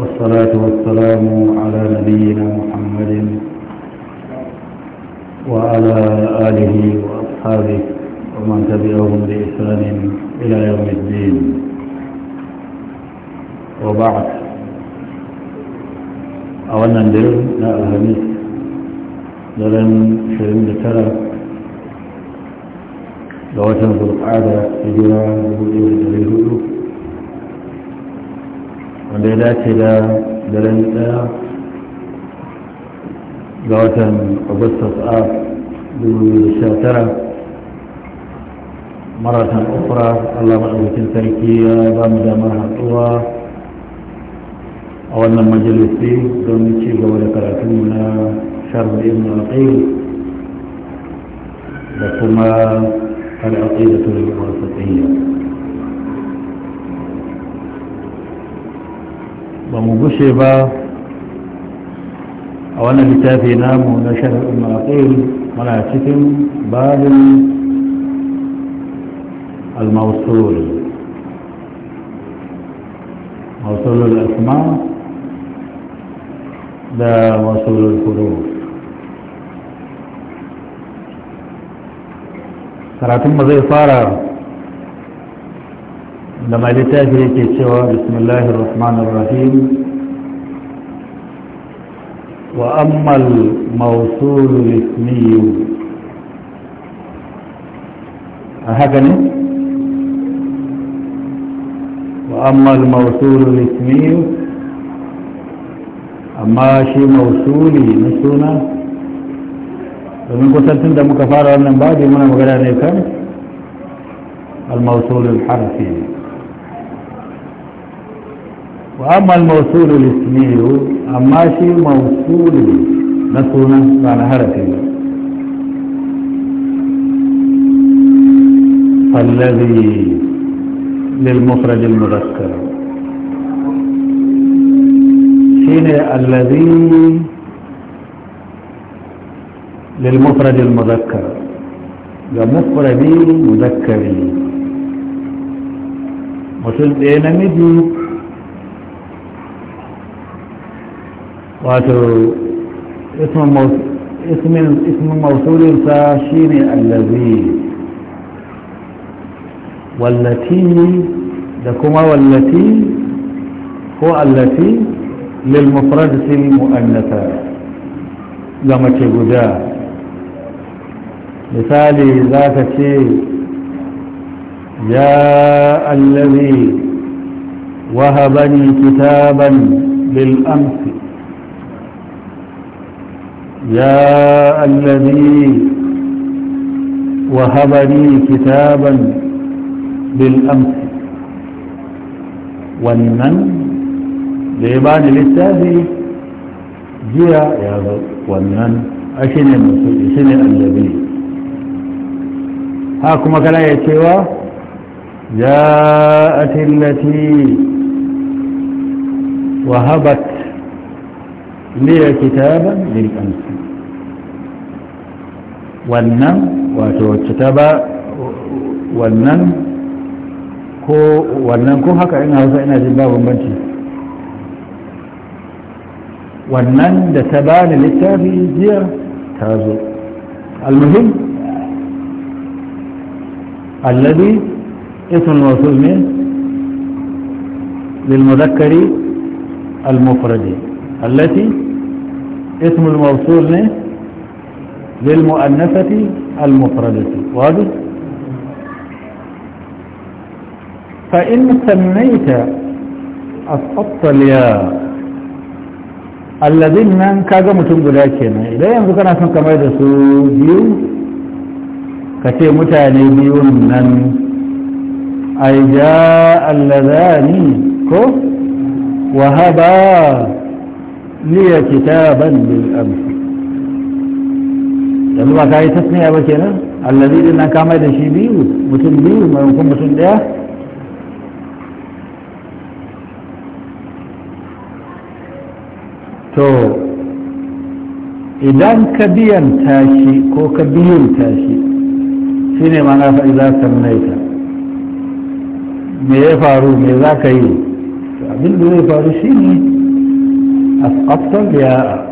والصلاة والسلام على نبينا محمد وعلى آله وأصحابه ومن تبعهم بإحسان إلى يوم الدين وبعد أولا ندير لا أهميك دلن شرم بكرة لوجه ذو القعدة إجراء بقية الهدوء wanda ya dace da daren daya ga watan agustus a 2019 maratan ukura allah maɗaukakin sarki ya ba mu damar haɗuwa a wannan majalisi don ci gaba da karatunmu na sharbain al-aqil da kuma al-aqidatul wasatiyya ba mu gushe ba a wannan littafi namu na shari'in maraƙil mana cikin babin al-mausul mausul al-asma da mausul al-huruf karatun ba zai fara لما لتاجري كتوى بسم الله الرحمن الرحيم وأما الموصول الاسمي أهدني وأما الموصول الاسمي أما شي موصولي نسونا ومن قصة تندى مكفارة من بعد ما نبغلها نيكم الموصول الحرفي وأما الموصول الاسمي أما شيء موصول نسونا فعلى هرفي فالذي للمخرج المذكر حين الذي للمفرد المذكر لمفرد مذكري مثل ɗaya namiji واتو اسم اسم اسم موصول فاشين الذي والتي لكما والتي هو التي للمفرد في المؤنثه لما تجودا مثال ذات شيء يا الذي وهبني كتابا بالامس يا الذي وهب لي كتابا بالأمس والمن لعباد للتالي جيا يا رب والمن أشن المسؤول الذي هاكما كلا يتشوى جاءت التي وهبت لي كتابا بالأمس wannan wato wacce ta ba wannan ko wannan ko haka ina hausa ina jin babu banci wannan da ta ba ni littafi jiya ta zo almuhim alladi ismul mawsul ne للمذكر المفرد التي اسم الموصول للمؤنثة المفردة واضح فإن سميت أسقط الياء الذين كذا متنبذاكين إلا ينظر أنه كما يدسوه كثير متانيون من أي جاء اللذان كف وهبا لي كتابا بالأمس yanzu ba ka yi tasniya ba kenan allazi din nan kama da shi biyu mutum biyu maimakon mutum daya to idan ka biyan tashi ko ka biyan tashi shine ma na faɗi za ka naita me ya faru me za ka yi abin da zai faru shine asqatta biya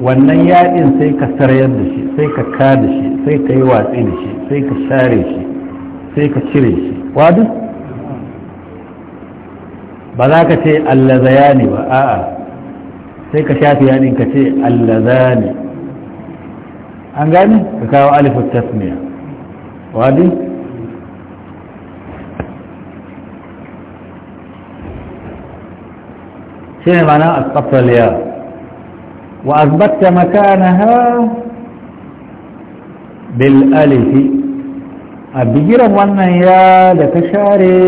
wannan yaɗin sai ka sarayar da shi sai ka ka da shi sai ka yi watsi da shi sai ka share shi sai ka cire shi wadu ba za ka ce allaza ne ba a'a sai ka shafi yaɗin ka ce allaza ne an gani ka kawo alifu tasmiya wadu shi ne mana a tsaftar yawon وأثبتت مكانها بالألف أبجر وانا يا لتشاري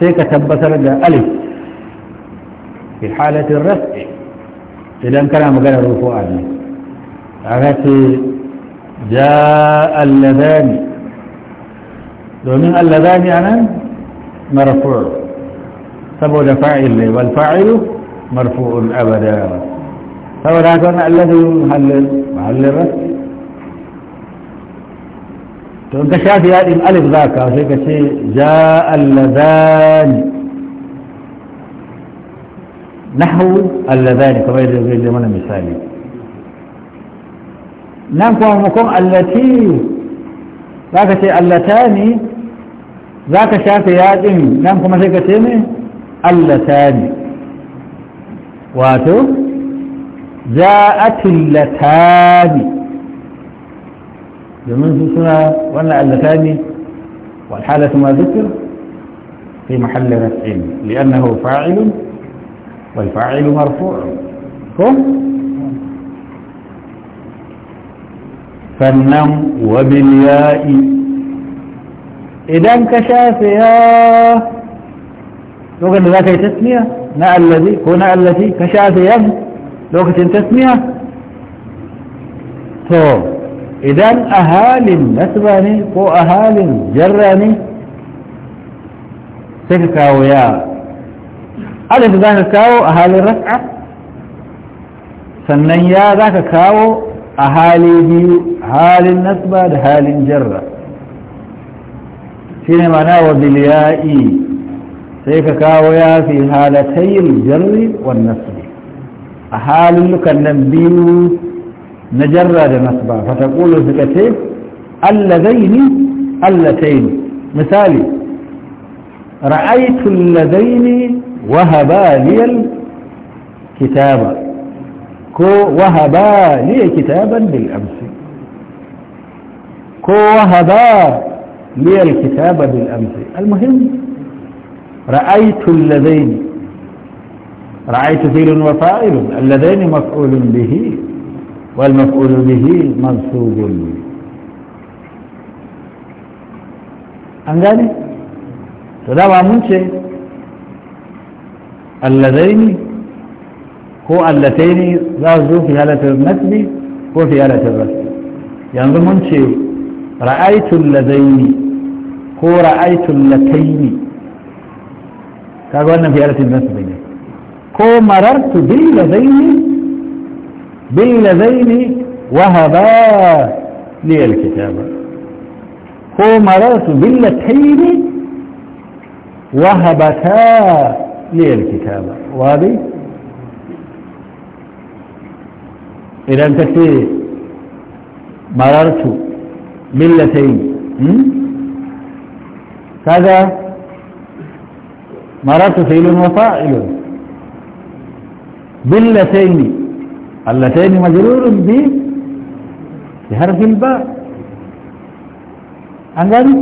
سيك تبسر دا ألف في حالة الرفع إذا كان مقال الرفوع عرفت جاء اللذان من اللذان أنا مرفوع سبو فاعل والفاعل marfu'un abada saboda haka wani allazi muhallil muhallil ras to ka shafi yadin alif za ka sai ka نحو اللذان كما يجب لنا مثالي نحو مكم التي ذاك شيء اللتان ذاك شاف يادين نحو ما شيء كتيمي اللتان wato ja'atil latani domin su suna wannan allatani wal halatu ma zikr fi mahalli raf'in li'annahu fa'ilun wal fa'ilu marfu'un ko sannan wa bil ya'i idan ka shafe ya lokacin da za ka yi tasmiya نا الذي هنا التي كشاف يد لو كنت تسميها تو اذا اهالي نسباني فو اهالي جراني سكاو يا الف ذاك كاو اهالي الرفعة سنن يا ذاك كاو اهالي دي هال النسبة هال الجرة فيني معناه وبالياء sai ka kawo ya fi halatayin jarri wannan su a halin lukan nan biyu na jarra da nasba fatakulu suka ce alladaini allataini misali ra'aitu alladaini wahaba liyal kitaba ko wahaba liya kitaban bil amsi ko wahaba liyal kitaba bil amsi المهم رأيت اللذين رأيت فيل وفائل اللذين مفعول به والمفعول به منصوب أنجاني تدعوا منشي اللذين هو اللتين ذاهزوا في هالة النسب هو في هالة الرسل ينظر منشي رأيت اللذين هو رأيت اللتين kaga wannan fi alatin nasu bai ko marartu bil ladaini bil ladaini wa haba li al kitaba ko marartu bil lataini wa habata li al kitaba wadi idan kace marartu millatayn kaga مرات فيل وفاعل باللتين اللتين مجرور ب بحرف الباء عندنا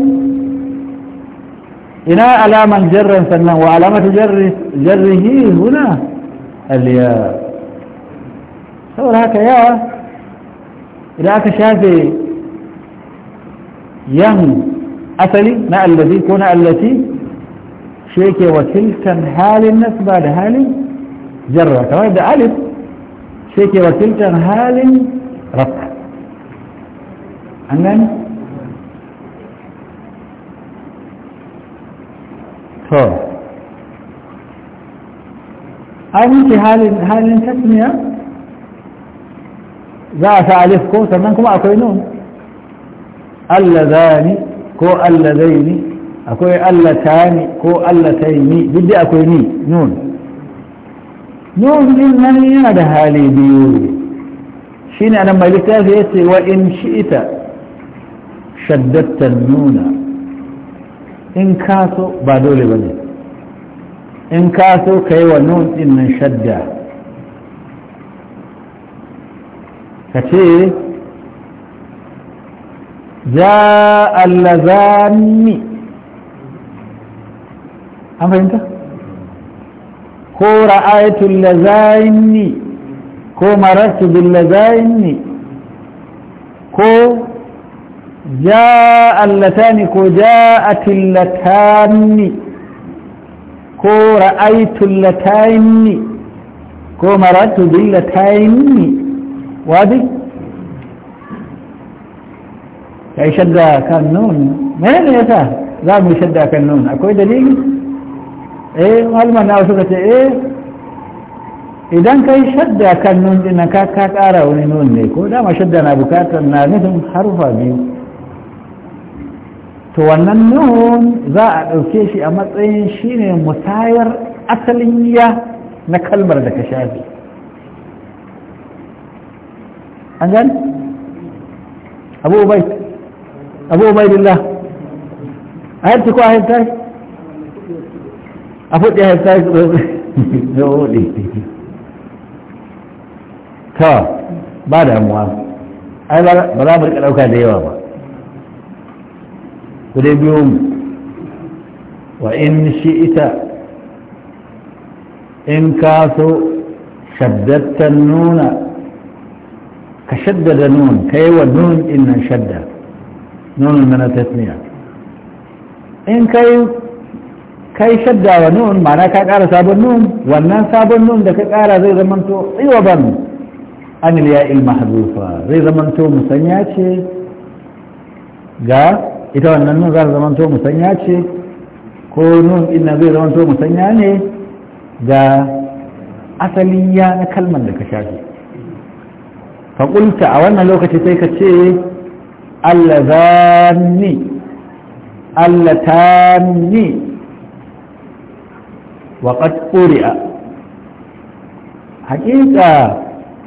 إنا علامة جر وعلامة جر جره هنا الياء سوى لهك يا إذا أكشاف يم أثلي ما الذي كون التي شيكي وتلك هال النس بعد هال جرة هذا ألف شيكي وتلك هال رفع عندنا فو طيب. هل انت هال هال تسمية ذات ألفكم تمنكم أقوينون اللذان كو اللذين akwai Allah ta ni ko Allah ta yi ni duk akwai ni nun nun din nan yana da hali biyu shine anan mai littafi yace wa in shi'ita shaddatta nuna in ka so ba dole bane in ka so kai wa nun din nan shadda ka ce za allazani an fahimta ko ra'ayatul lazaini ko marastu bil lazaini ko ja'a allatani ko ja'atil latani ko ra'aytul latani ko marastu bil latani wadi ya shadda kan nun menene yasa za mu shadda kan nun akwai dalili eh malaman na suka ce eh idan kai shadda kan nun din ka ka ƙara wani nun ne ko dama shadda na bukatar na nufin harfa biyu to wannan nun za a ɗauke shi a matsayin shine musayar asalin ya na kalmar da ka shafi an gani abu ubaid abu ubaidillah a yadda ko a أفوت يا هفتاك يقولي كوا بعد أموال أي بلا برك الأوكاد يوابا قريب يوم وإن شئت إن كاثوا شددت النون كشدد نون كيو النون إن شدد نون من التثنية إن كيو kai shadda wa nun ma'ana ka ƙara sabon nun wannan sabon nun da ka ƙara zai zamanto tsiwaban anil ya ilma hazufa zai zamanto musanya ce ga ita wannan nun za ta zamanto musanya ce ko nun inna zai zamanto musanya ne ga asalin ya na kalmar da ka shafi faƙulta a wannan lokaci sai ka ce allazani allatanni Waƙat qad quri'a haƙiƙa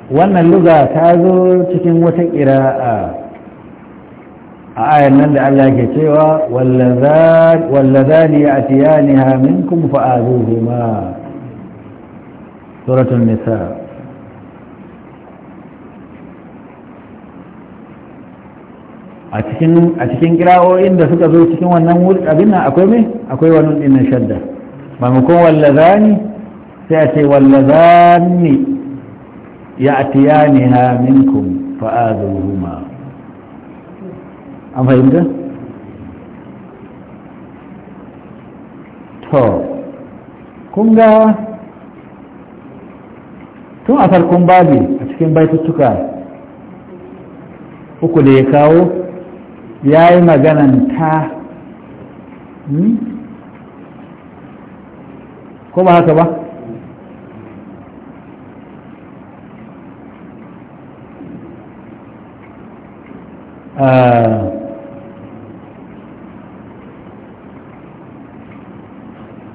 wannan luga ta zo cikin wata ƙira'a a ayan nan da Allah ke cewa wallazani a tiyani hamin kuma fa'azuhu zuma. suratun nisa a cikin ƙira'o'in da suka zo cikin wannan wuri abin nan akwai mai akwai wani ɗin shadda maimakon wallazani sai a ce wallazani ya atiyani ha minkum huma an fahimta? to kun ga tun a farkon babi a cikin baituttuka uku da ya kawo ya yi maganan ta hmm? كما هكذا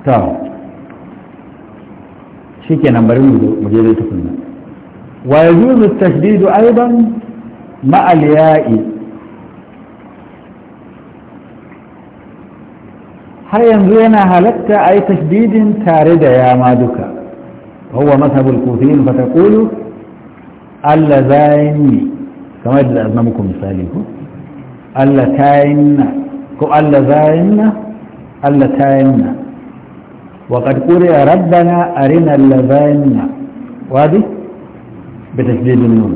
تمام شيكي نمبر 2 مجلد 3 ويجوز التشديد ايضا مع الياء har yanzu yana halatta a yi tashdidin tare da yama duka huwa mazhabul kufiyin fa taqulu allazayni kamar da na muku misali ko allatayna ko allazayna allatayna wa qad quriya rabbana arina allazayna wadi بتشديد النون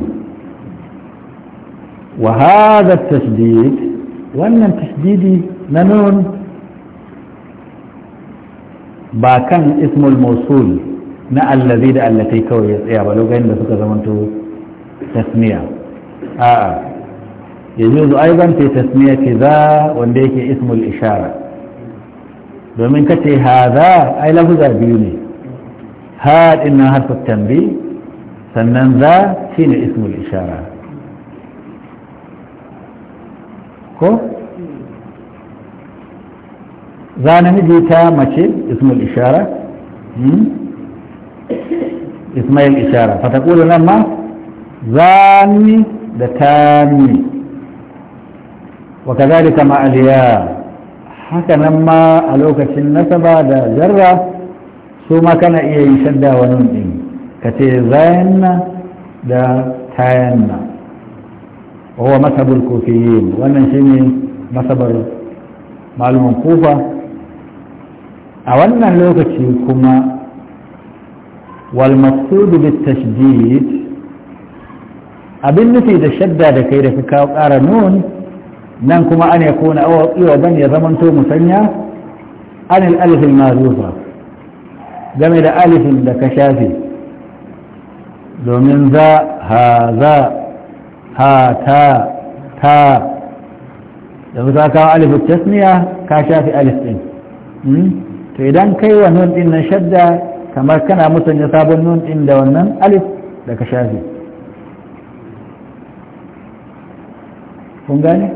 وهذا التشديد وأن تشديدي نون ba kan ismul musul na allazi da allatai kawai ya tsaya ba lokacin da suka zamanto tasmiya a'a yanzu aiban ta tasmiya ce za wanda yake ismul ishara domin ka ce ha za ai lafuza biyu ne ha dinnan harfar tambi sannan za ne ismul ishara ko za namiji ta mace isma'il ishara hmm? ismail ishara fatakulu nan ma zani da tani wa kazalika kama aliya haka nan ma a lokacin nasaba da jarra su ma kana iya yin shadda wa din ka ce zayanna da tayanna wa huwa masabul kufiyin wannan shine masabar malumin kufa a wannan lokaci kuma walmaksudu bitashdid abin nufi da shadda da kai da ka kawo ƙara nun nan kuma an ya kona awa iya ban ya zamanto musanya an al'alifin mazufa game da alifin da ka shafi, domin za ha za ha ta ta da za kawo alifin tasniya ka shafi alif ɗin hmm? to idan kai wa nun din nan shadda kamar kana musanya sabon nun din da wannan alif da ka shafi kun gane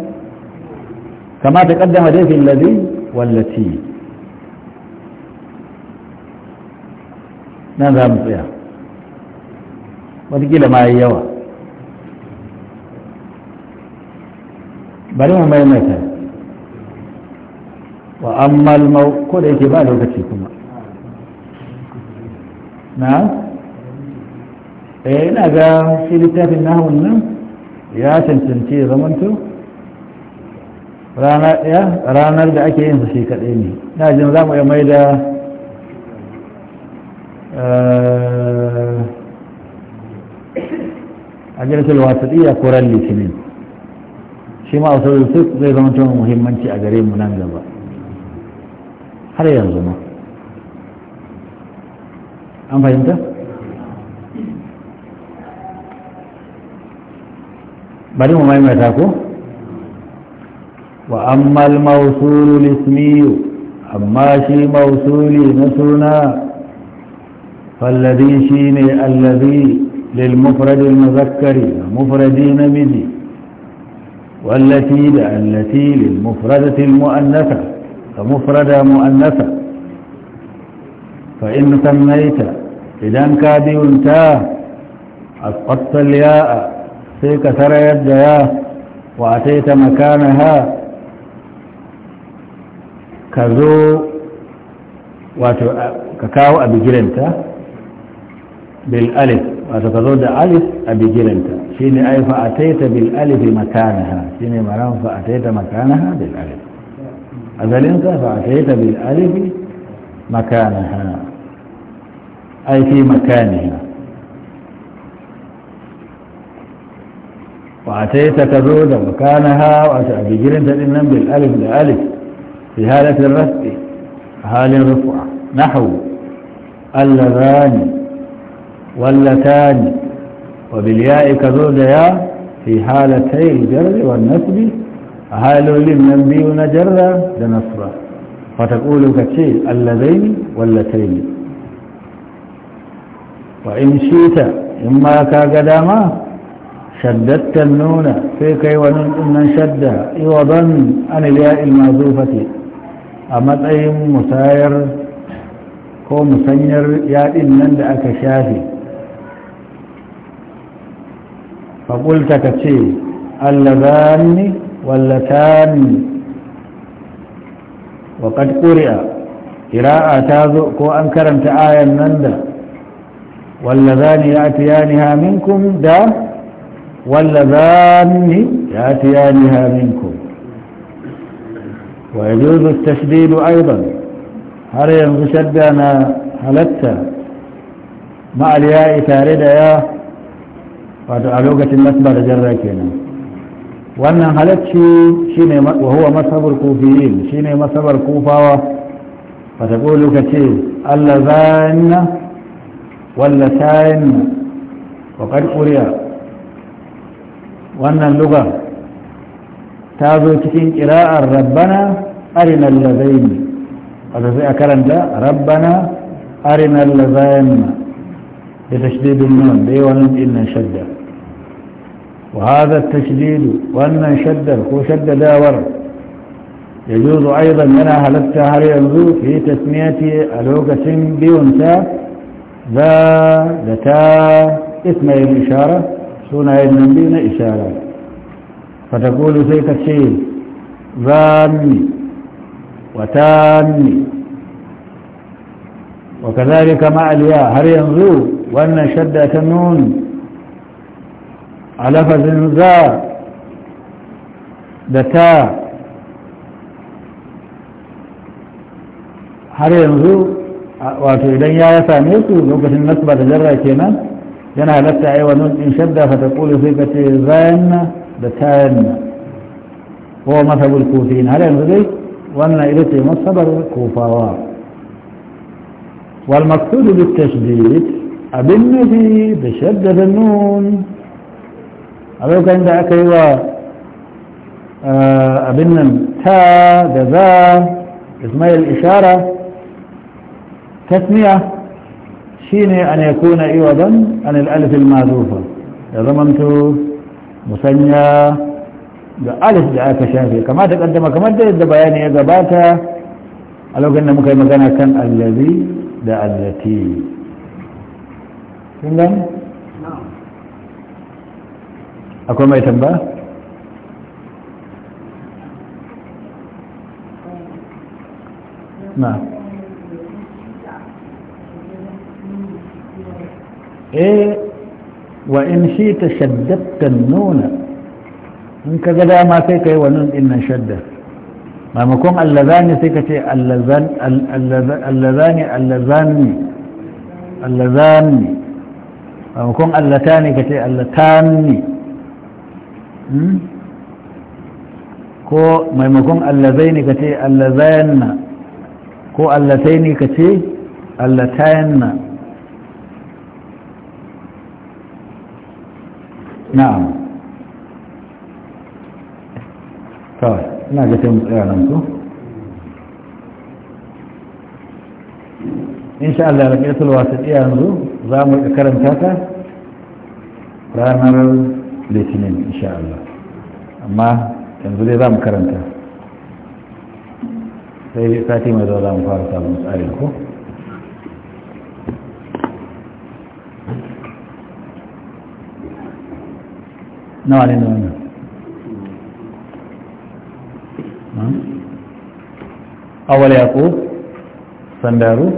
kama ta kaddama daifin ladhi wallati nan za mu tsaya watakila ma yi yawa bari mu maimaita wa ammal mau ko da yake ba lokaci kuma na eh ina ga shi littafin nahun nan ya cancanci ya zamanto rana ɗaya ranar da ake yin su shi kaɗai ne na jin za mu mai da eh, a jirgin wasaɗiya ko ran litinin shi ma a zai zamanto muhimmanci a gare mu nan gaba هل ينظمه أم فهمت بلي ما يمع تاكو وأما الموصول الاسمي أما شي موصول نسرنا فالذي شيني الذي للمفرد المذكر مفردين مني والتي التي للمفردة المؤنثة فمفردة مؤنثة فإن سميت إذا كادي انتا أسقطت الياء في كثر يديا وأتيت مكانها كذو وكاو أبي جرنتا بالألف وتكذو دا ألف أبي جرنتا شيني أي فأتيت بالألف مكانها شيني مرام فأتيت مكانها بالألف أذلنت فأتيت بالألف مكانها أي في مكانها وأتيت تزود مكانها وأتى بجرنت الإنم بالألف لألف في هالة الرفع هال رفعة نحو اللذان واللتان وبالياء كزود يا في حالتي الجر والنسب halolin nan biyu na jarra da nasra fataƙulu ka ce allazaini wallataini wa in shita in ma ka ga dama Shaddattan nuna sai kai wani ɗinnan shadda iwaban an iliya'il ilma, fate a matsayin musayar ko musanyar yaɗin nan da aka shafe faƙulta ka ce allazani واللتان وقد قرئ قراءة تاذو كو أنكرم تآيا نندا واللذان يأتيانها منكم دا واللذان يأتيانها منكم ويجوز التشديد أيضا هل ينغشد هلتا مع الياء تاردا يا وتعلوقة المسبر جراكينا wannan halacci shine wa huwa masabar kufiyin shine masabar kufawa fa ta kulu ka ce Allah walla wallatayanna wa qad quriya wannan luga ta zo cikin qira'ar rabbana arina allazaini wanda sai a karanta rabbana arina allazainna da tashdidun nun da yawan innan shadda وهذا التشديد وأن شد وشد داور يجوز أيضا لنا هلتا التهري ينزو في تسمية ألوغة بيونتا ذا لتا اسمي الإشارة سنة النبينا إشارة فتقول سيك الشيء ذاني وتاني وكذلك مع الياء هل ينزو وأن شد تنون a lafazin za da ta har yanzu wato idan ya same su lokacin nasba da jarra kenan yana halatta a yi wa nun shadda fa ta kulu sai ka ce zayanna da tayanna ko masabul kufin har yanzu dai wannan ita ce masabar kofawa wal maktudu bi tashdid abin nufi da shaddada nun a lokacin da aka yi wa eh, abin nan ta da za ismail ishara tasmiya shine an yakuna iwadan an al-alif al-mazufa ya zamanto musanya da alif da aka shafe kamar ta kaddama kamar da yadda bayani ya gabata a lokacin da muka yi magana kan allazi da allati kun akwai mai tambaya na eh wa in shi ta shaddatta nuna in ka ga dama sai ka yi wa nun ɗin nan shadda maimakon allazani sai ka ce allazani allazani allazani maimakon ka ce Hmm? ko maimakon ne ka ce allazayanna ko ne ka ce allatayanna na kawai ina ga taimu tsaya nan insha Allah ya ƙetul wasu yanzu za mu karanta ta ranar litinin insha Allah amma yanzu dai za mu karanta sai sati mai zuwa za mu fara samun tsari ko nawa ne da wannan hmm? awal yaƙo sandaru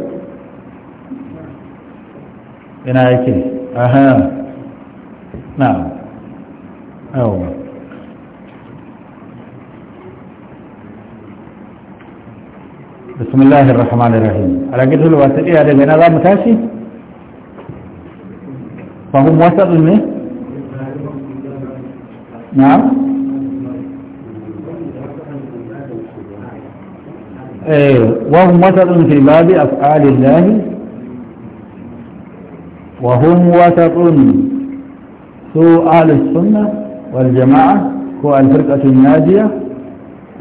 ina yake aha na'am أو بسم الله الرحمن الرحيم على قدر الواسطية هذا جنازة متاشي فهم وسط منه نعم إيه، وهم وسط في باب أفعال الله وهم وسط سوء أهل السنة والجماعة هو الفرقة الناجية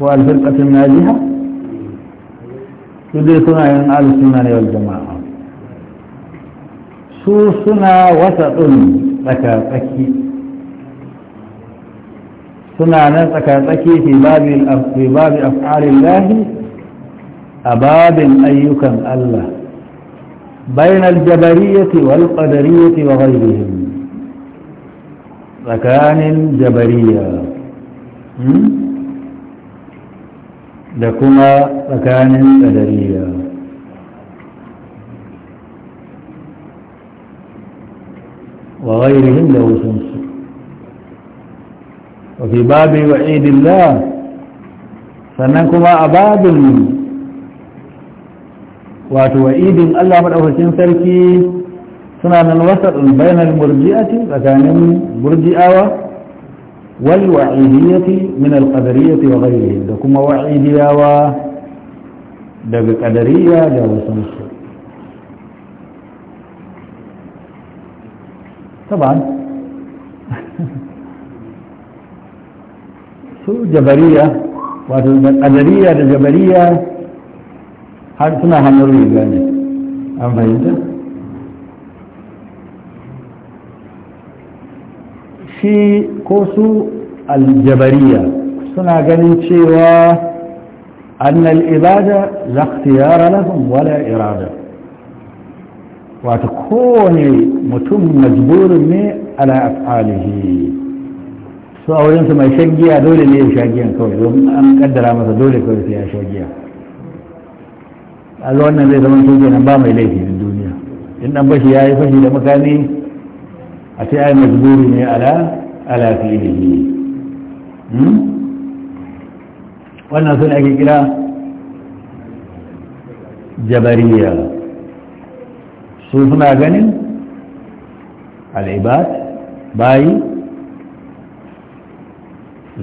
هو الفرقة الناجية يدركنا من أهل السنة والجماعة سوسنا وسط تكاتكي سنانا تكاتكي في باب في باب أفعال الله أباب أيكم الله بين الجبرية والقدرية وغيرهم tsakanin jabariya da kuma tsakanin tsadariya wa ghairihim da wasansu wa fi babi wa idillah sannan kuma a babin wato wa idin Allah maɗaukacin sarki suna nan wasar bayanar murji'ati tsakanin murji'awa wal wa'idiyyati min al qadariyyati wa ghayrihi da kuma wa'idiyawa daga qadariyya da wasan su taban su jabariya wato da qadariya da jabariya har suna hannun riga ne an fahimta shi ko su aljabariya suna ganin cewa annal ibada la ikhtiyara lahum wala irada wato kowane mutum majburin ne ala af'alihi su a wurin su mai shagiya dole ne ya shagiyan kawai don an kaddara masa dole kawai sai ya shagiya a wannan zai zama nan ba mai laifi duniya in dan bashi yayi fashi da makami أتي أي مجبور على على فعله وأنا في الحقيقة جبرية صوف ما جنن العباد باي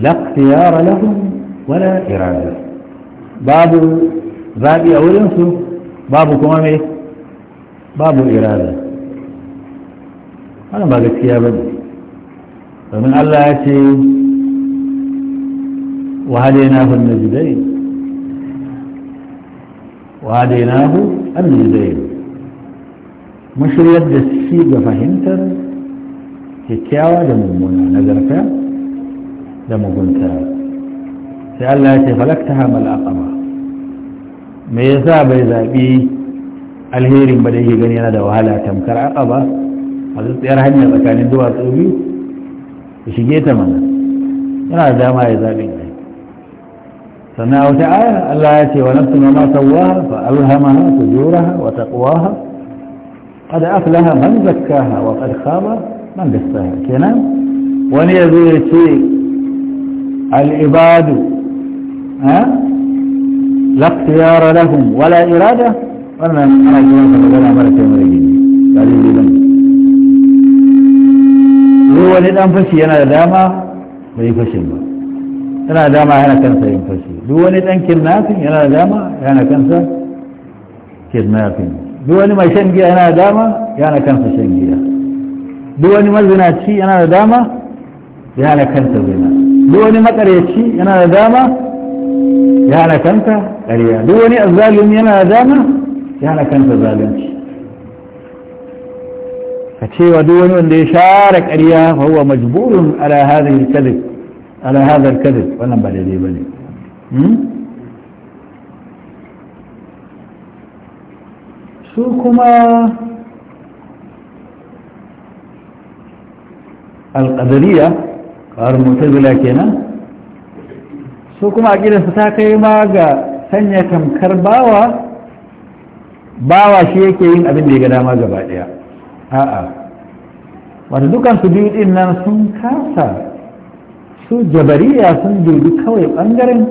لا اختيار لهم ولا إرادة باب ذاتي أولا باب كمامي باب إرادة wannan ba gaskiya ba ne domin allah ya ce wahale na hu na jidai na hu an na da shi ga fahimtar kyakkyawa da mummuna da mugunta sai allah ya ce falakta ha mal'akama me ya sa bai zaɓi alherin ba da yake gani yana da wahala tamkar aƙaba? masu tsayar hanya tsakanin duwatsu biyu ya shige ta mana yana da dama ya zaɓi ne sannan a wata aya Allah ya ce wa nafsu ma ma sawwaha fa alhamaha fujuraha wa taqwaha qad aflaha man zakkaha wa qad khaba man dassaha kenan wani yazo ya ce al ibadu ha la ikhtiyara lahum wala irada wannan ana kiran sa magana mara kai mara gidi dalilin yanzu wani dan fashi yana da dama bai yi fashin ba yana da dama yana kansa yin fashi duk wani dan kidnapping yana da dama yana kansa kidnapping duk wani mai shan giya yana da dama yana kansa shan giya duk wani mazinaci yana da dama yana kansa zina duk wani makaryaci yana da dama yana kansa ƙarya duk wani azzalumi yana da dama yana kansa zalunci ka cewa duk wani wanda ya share ƙarya fa huwa majburun ala hadhihi al-kadhib ala hadha al-kadhib wannan ba daidai bane hmm? su kuma al-qadariyya kawar mutazila kenan su kuma su ta kai ma ga sanya tamkar bawa bawa shi yake yin abin da ya ga dama gaba ɗaya a'a wanda dukan su biyu din nan sun kasa su jabariya sun dubi kawai bangaren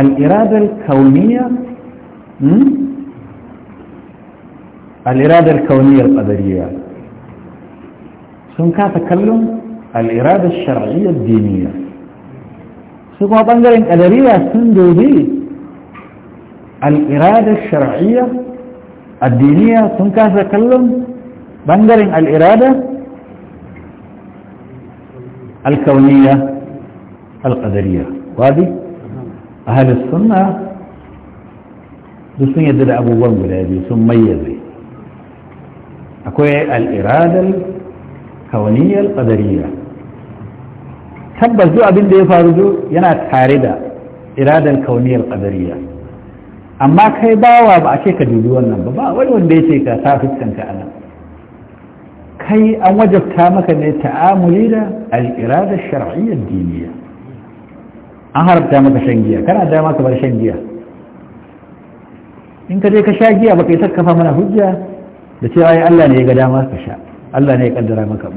al'iradar kauniya al'iradar kauniyar ƙadariya sun kasa kallon al'iradar shar'iyyar diniya su kuma ɓangaren ƙadariya sun dobe al'iradar shar'iyyar الدينية تنكاسة كلهم بنجرين الإرادة الكونية القدرية وهذه أهل السنة دوسن يدر أبو بانجو لأبي ثم ميزي أكوية الإرادة الكونية القدرية تبس دو أبين دي فارجو ينا تاردة إرادة الكونية القدرية amma kai bawa ba a ce ka dubi wannan ba ba wani wanda ya ce ka ta fuskanta a nan kai an wajabta maka ne ta'amuli da al'iradar shar'iyyar diniya an harabta maka shan giya kana dama ka bar shan giya in ka je ka sha giya baka yi kafa mana hujja da cewa ya Allah ne ya ga dama ka sha Allah ne ya kaddara maka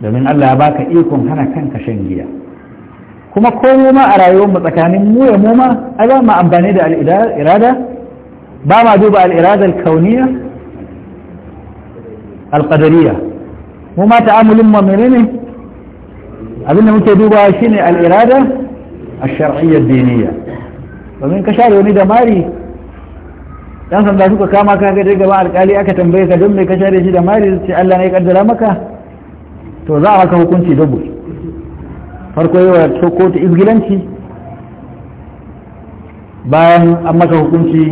domin Allah ya baka ikon hana kanka shan giya kuma komo ma a rayuwar mu tsakanin mu ya mu ma ai ba ma amfani da al'irada ba ma duba al'irada al-kauniya al-qadariya mu ma ta'amulin mu menene abinda muke dubawa shine al'irada al-shar'iyya diniya domin ka share wani da mari dan sanda suka kama ka ga gaba alkali aka tambaye ka don me ka share shi da mari sai Allah ne ya kaddara maka to za a maka hukunci dubu farko yi wa ta izgilanci bayan an maka hukunci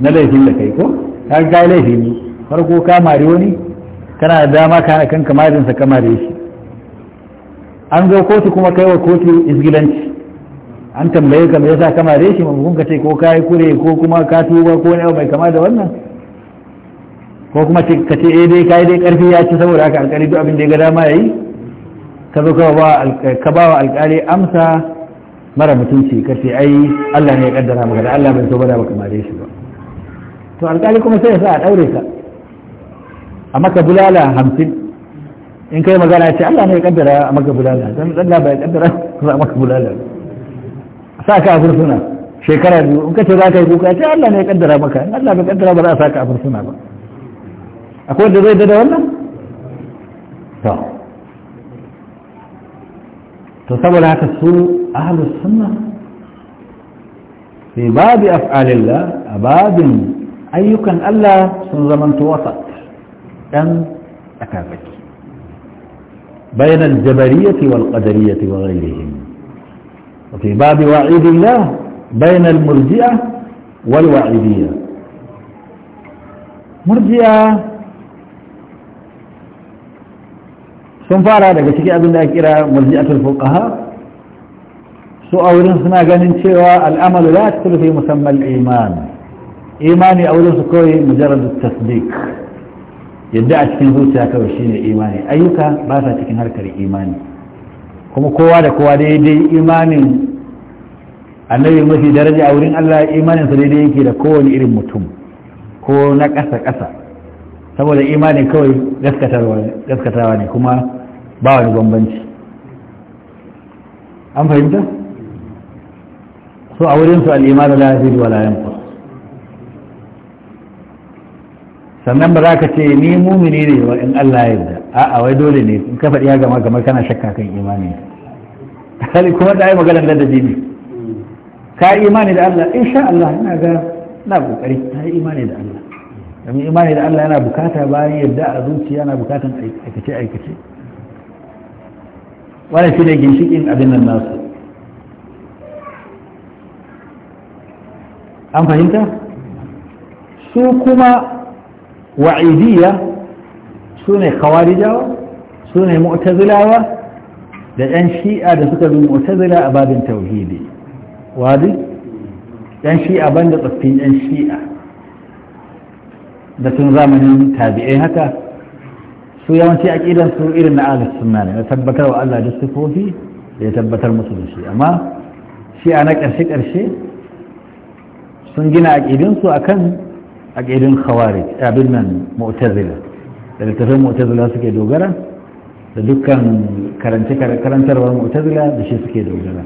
na laifin da kai ko ka ga laifi ne farko ka mari wani kana da dama kana kan kamarinsa ka mare shi an zo kotu kuma kai wa kotu izgilanci an tambaye ka yasa ka mare shi maimakon ka ce ko yi kure ko kuma ka tuba ko wani abu mai kama da wannan ko kuma ka ce eh dai yi dai karfi ya ci saboda haka alƙali duk abin da ya ga dama yi. ka zo ka ba wa alkali amsa mara mutunci ka ce ai Allah ne ya kaddara maka da Allah bai so ba maka baka mare shi ba to alkali kuma sai ya sa a daure ka a maka bulala hamsin in kai magana ce Allah ne ya kaddara a maka bulala dan Allah bai kaddara a maka bulala sa ka a fursuna shekara biyu in ka ce za ka yi kuka ce Allah ne ya kaddara maka in Allah bai kaddara ba za a sa ka a fursuna ba akwai da zai da wannan to to saboda haka su ahlus sunna fi babi af'alillah a babin ayyukan Allah sun zamanto wasat dan tsakatsaki بين الجبرية والقدرية وغيرهم وفي باب وعيد الله بين المرجئة والوعيدية مرجئة sun fara daga cikin abin da ake kira marji'atul fuqaha su a wurin suna ganin cewa al'amalu la yadkhulu fi musamma al-iman imani a wurin su kawai mujarrad tasdik yadda a cikin zuciya kawai shine imani ayyuka ba sa cikin harkar imani kuma kowa da kowa daidai imanin annabi mafi daraja a wurin Allah imanin sa daidai yake da kowane irin mutum ko na ƙasa ƙasa saboda imanin kawai gaskatawa ne kuma ba wani bambanci an fahimta so a wurinsu al'imanu la yazid wala yanqus sannan ba za ka ce ni mumini ne wa in Allah ya yarda a'a wai dole ne in ka faɗi ya gama kamar kana shakka kan imani hali kuma da ai maganar da ne ka imani da Allah insha Allah ina ga na kokari na imani da Allah domin imani da Allah yana bukata bayan yadda a zuciya yana bukatan aikace aikace wani shi ne ginshikin abin nan nasu an fahimta su kuma wa'idiyya su ne kawarijawa su ne mu'tazilawa da yan shi'a da suka bi mu'tazila a babin tauhidi wadi yan shi'a banda tsaffin yan shi'a da tun zamanin tabi'ai haka su yawanci ƙidan su irin na ahlus sunna ne tabbatar wa Allah da sifofi da ya tabbatar musu da shi amma shi a na ƙarshe ƙarshe sun gina aqidin su akan aqidin khawarij abin nan mu'tazila da littafin mu'tazila suke dogara da dukkan karantarwar mu'tazila da shi suke dogara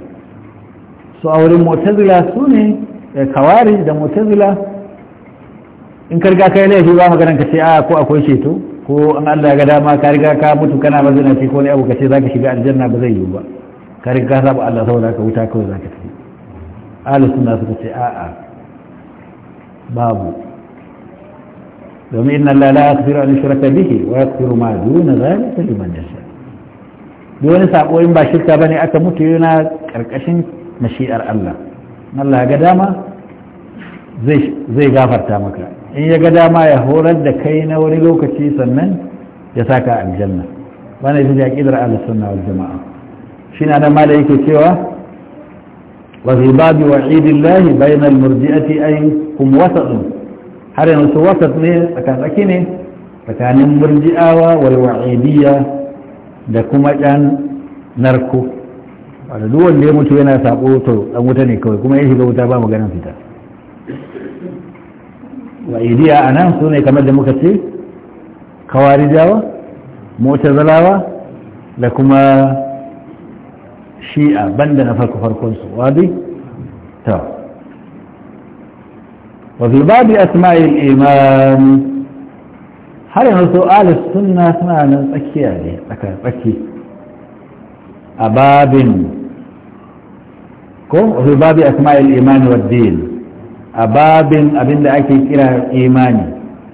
su a wurin mu'tazila su ne eh, khawarij da mu'tazila in ka riga kai laifi ba maganar ka ce a ah, ko akwai ceto ko an Allah ga dama ka riga ka mutu kana mazina ce ko ne abu ka ce zaka shiga aljanna ba zai yi ba ka riga ka saba Allah saboda ka wuta kawai zaka tafi ahlus sunna suka ce a a babu domin inna Allah la yaghfiru an yushraka bihi wa yaghfiru ma duna zalika liman yasha duk wani sako in ba shirka bane aka mutu yana karkashin mashi'ar Allah Allah ga dama zai gafarta maka in ya ga dama ya horar da kai na wani lokaci sannan ya saka aljanna wannan ita ce kidar ahlus sunna wal jamaa shi na da malai yake cewa wa zibabi wa idillahi bayna al murji'ati ay hum wasatun har yanzu wasat ne tsakatsaki ne tsakanin murji'awa wal wa'idiyya da kuma ɗan narko wanda duk wanda ya mutu yana sabo to dan wuta ne kawai kuma ya shiga wuta ba maganar fita wa'idiya a nan su ne kamar da muka ce kawarijawa mutazalawa da kuma shi'a banda na farko farkon su wadi ta wafi babi asma'il Iman har yanzu su alis suna suna nan tsakiya ne tsaki a babin ko wafi babi asma'il Iman wa din a babin abin da ake kira imani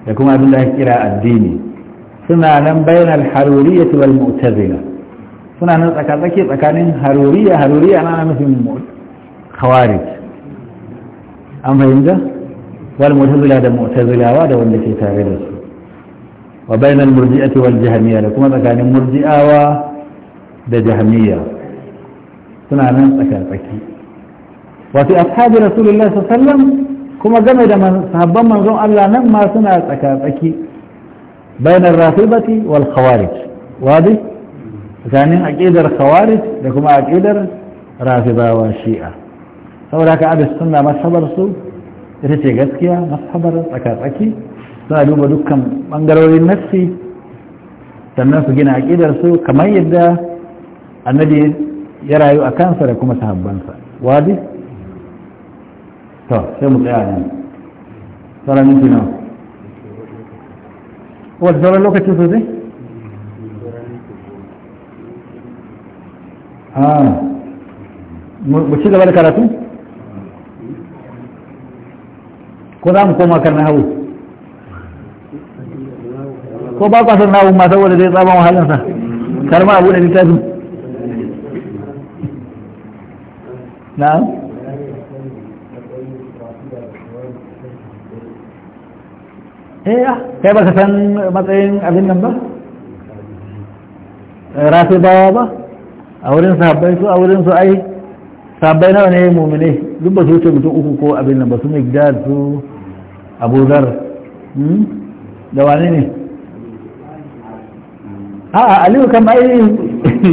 da kuma abin da ake kira addini suna nan bainal haruriya wal mu'tazila suna nan tsakatsaki tsakanin haruriya haruriya na nufin khawarij an fahimta wal mu'tazila da mu'tazilawa da wanda ke tare da su wa bainal murji'a wal jahmiya da kuma tsakanin murji'awa da jahmiya suna nan tsakatsaki wa fi ashabi rasulullahi sallallahu alaihi wasallam kuma game da sahabban manzon Allah nan ma suna tsaka-tsaki bainar rafibati wal khawarij wadi tsakanin aqidar khawarij da kuma aqidar rafibawa shi'a saboda haka abis sunna masabar su ita ce gaskiya masabar tsaka-tsaki suna duba dukkan bangarorin nassi sannan su gina aqidar su kamar yadda annabi ya rayu a kansa da kuma sahabbansa wadi to sai mu tsaya ne tsara minti nawa wadda sauran lokaci sosai a ah. mu ci gaba da karatu ko za mu koma kan nahawu ko ba kwasar nahawu ma saboda zai tsaban wahalarsa karma abu da littafin na'am eh kai ba ka san matsayin abin nan ba eh, rafi bawa ba a wurin sahabbai su a wurin su ai sahabbai nawa ne mumine duk ba su wuce mutum uku ko abin nan ba su migdal su abuzar hmm? da wane ne a'a aliyu kan ai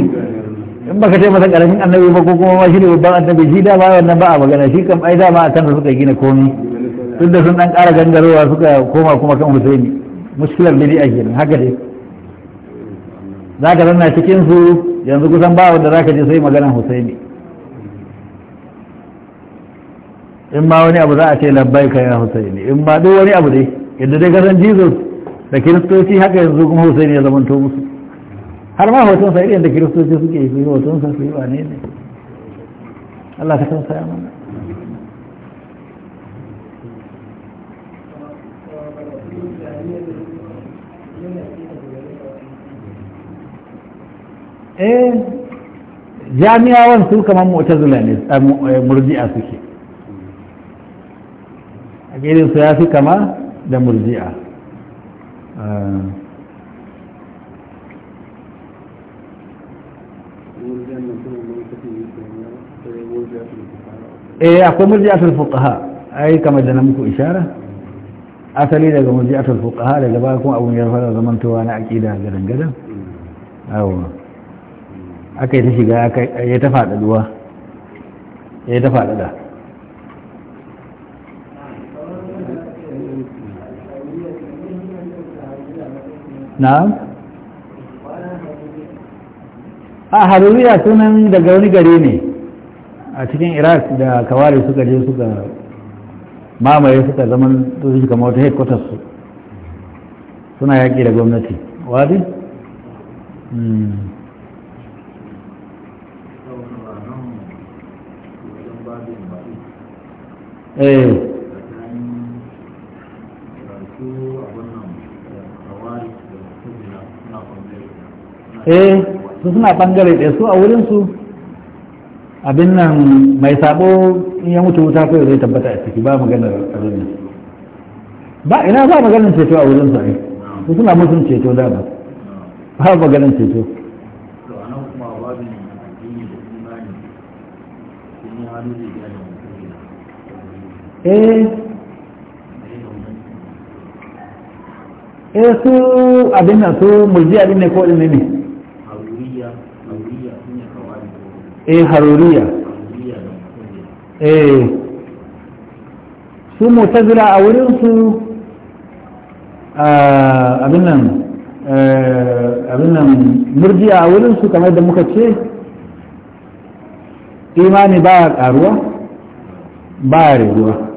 in baka ce masa karamin annabi ba ko kuma ma shi ne babban annabi shi dama wannan ba a magana shi kam ai dama a da suka gina komi. duk da sun dan ƙara gangarowa suka koma kuma kan husaini muskilar ake kenan haka dai za ka zanna cikin su yanzu kusan ba wanda za ka je sai magana husaini in ma wani abu za a ce labbai ka ya husaini in ma duk wani abu dai yadda dai kasan jesus da kiristoci haka yanzu kuma husaini ya zamanto musu har ma hoton sai da kiristoci suke yi hoton sa su yi ba ne Allah ka san saya mana Eh, jami'awan su kamar mu'tazila ne eh, murji'a suke a gidan su ya fi kama da murji'a eh, eh akwai murji'atul a ai kamar da na muku ishara asali daga murji'atul ha daga baya kuma abun ya fara zamantowa na akida gadan gadan awon aka yi ta shiga ya ta faɗaɗuwa ya ta faɗaɗa na'am a haruriya sunan daga wani gare ne a cikin iraq da kawari suka je suka mamaye suka zaman tuzi suka wata headquarters su suna yaƙi da gwamnati wadi? Hmm. Eh. eh su suna bangare ɗaya su a wurinsu abin nan mai sabo in ya mutu wuta kawai zai tabbata a ciki ba maganar abin nan ba ina ba maganin ceto a wurinsu ne su suna mutum ceto dama ba maganin ceto eh eh su abin su mulji abin ne ko din ne eh haruriya eh su mutazila a wurin su ah, abin nan eh, abin nan a wurin su kamar da muka ce imani ba ya karuwa ba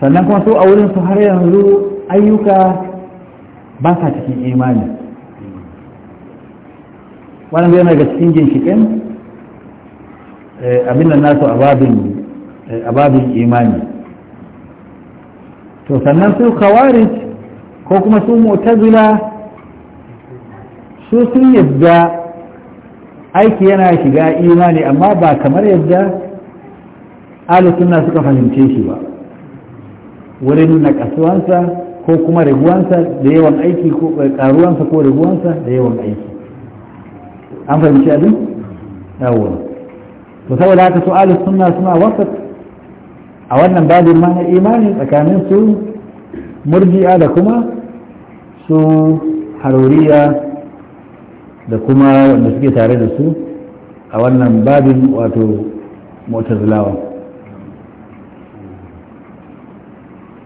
sannan kuma su a wurin su har yanzu ayyuka ba sa cikin imani wannan zai ga cikin ginshiƙin eh, abin da nasu eh, a babin imani to sannan su kawarij ko kuma su mutazila su sun yadda aiki yana shiga imani amma ba kamar yadda alisunna suka fahimce shi ba wurin nakasuwansa ko kuma raguwansa da yawan aiki ko karuwansa eh, ko raguwansa da yawan aiki an fahimci abin yawo to saboda haka su alis suna suna wasat a wannan babin mana imani tsakanin su murji'a da kuma su haruriya da kuma wanda suke tare da su a wannan babin wato mutazilawa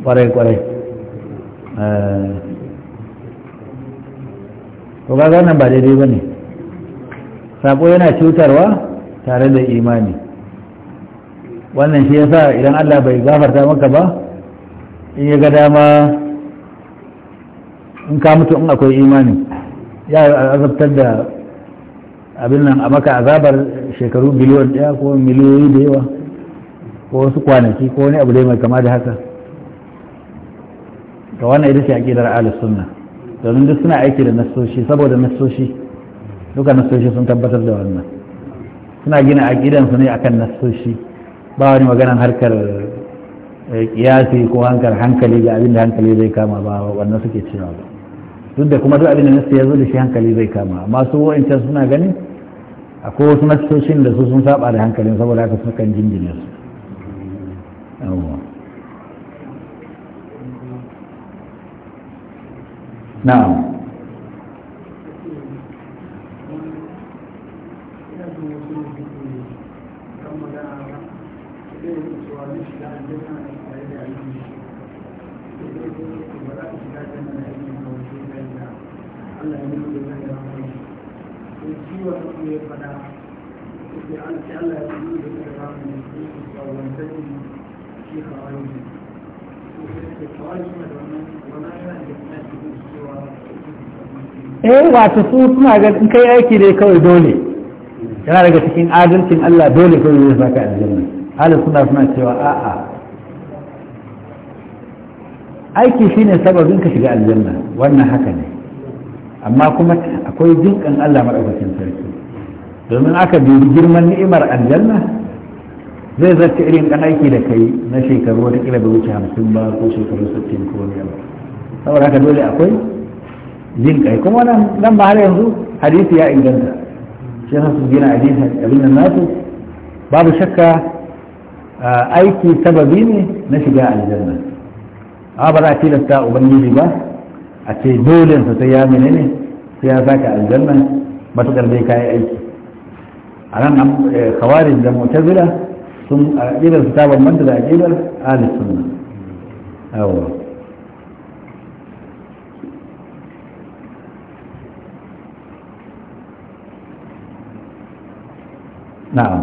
kwarai kwarai eh. to ga wannan ba daidai ba ne sako yana cutarwa tare da imani wannan shi yasa idan Allah bai gafarta maka ba in ya ga dama in ka mutu in akwai imani ya azabtar da abin nan a maka azabar shekaru biliyon daya ko miliyoyi da yawa ko wasu kwanaki ko wani abu dai mai kama da haka ga wannan ita ce aƙidar ahlus sunna domin duk suna aiki da nasoshi saboda nasoshi duka nasoshi sun tabbatar da wannan suna gina aƙidan su ne akan nasoshi ba wani maganan harkar kiyasi eh, ko hankar hankali ga abin da hankali zai kama ba wannan suke cewa ba duk da kuma duk abin da nasu ya zo da shi hankali zai kama amma su wa'ancan suna ganin akwai wasu nasoshin da su sun saba da hankalin saboda haka sukan jinjine su Now, eh wato su suna ga in kai aiki dai kawai dole yana daga cikin adalcin Allah dole kawai zai saka aljanna halin suna suna cewa a'a aiki shine sababin ka shiga aljanna wannan haka ne amma kuma akwai jinkan Allah madaukakin sarki domin aka bi girman ni'imar aljanna zai zarta irin kan aiki da kai na shekaru wata kila da wuce hamsin ba ko shekaru sittin ko wani abu saboda haka dole akwai jin kai kuma nan nan ba har yanzu hadisi ya inganta shi yasa su gina hadisi abin nan nasu babu shakka aiki sababi ne na shiga aljanna a ba za a tilasta ubangiji ba a ce dole sa sai ya menene sai ya saka aljanna matukar dai kayi aiki a nan eh, kawarin da mutazila sun aƙidar su ta bambanta da aƙidar ahli sunna na'am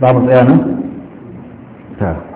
ba mu tsaya nan ta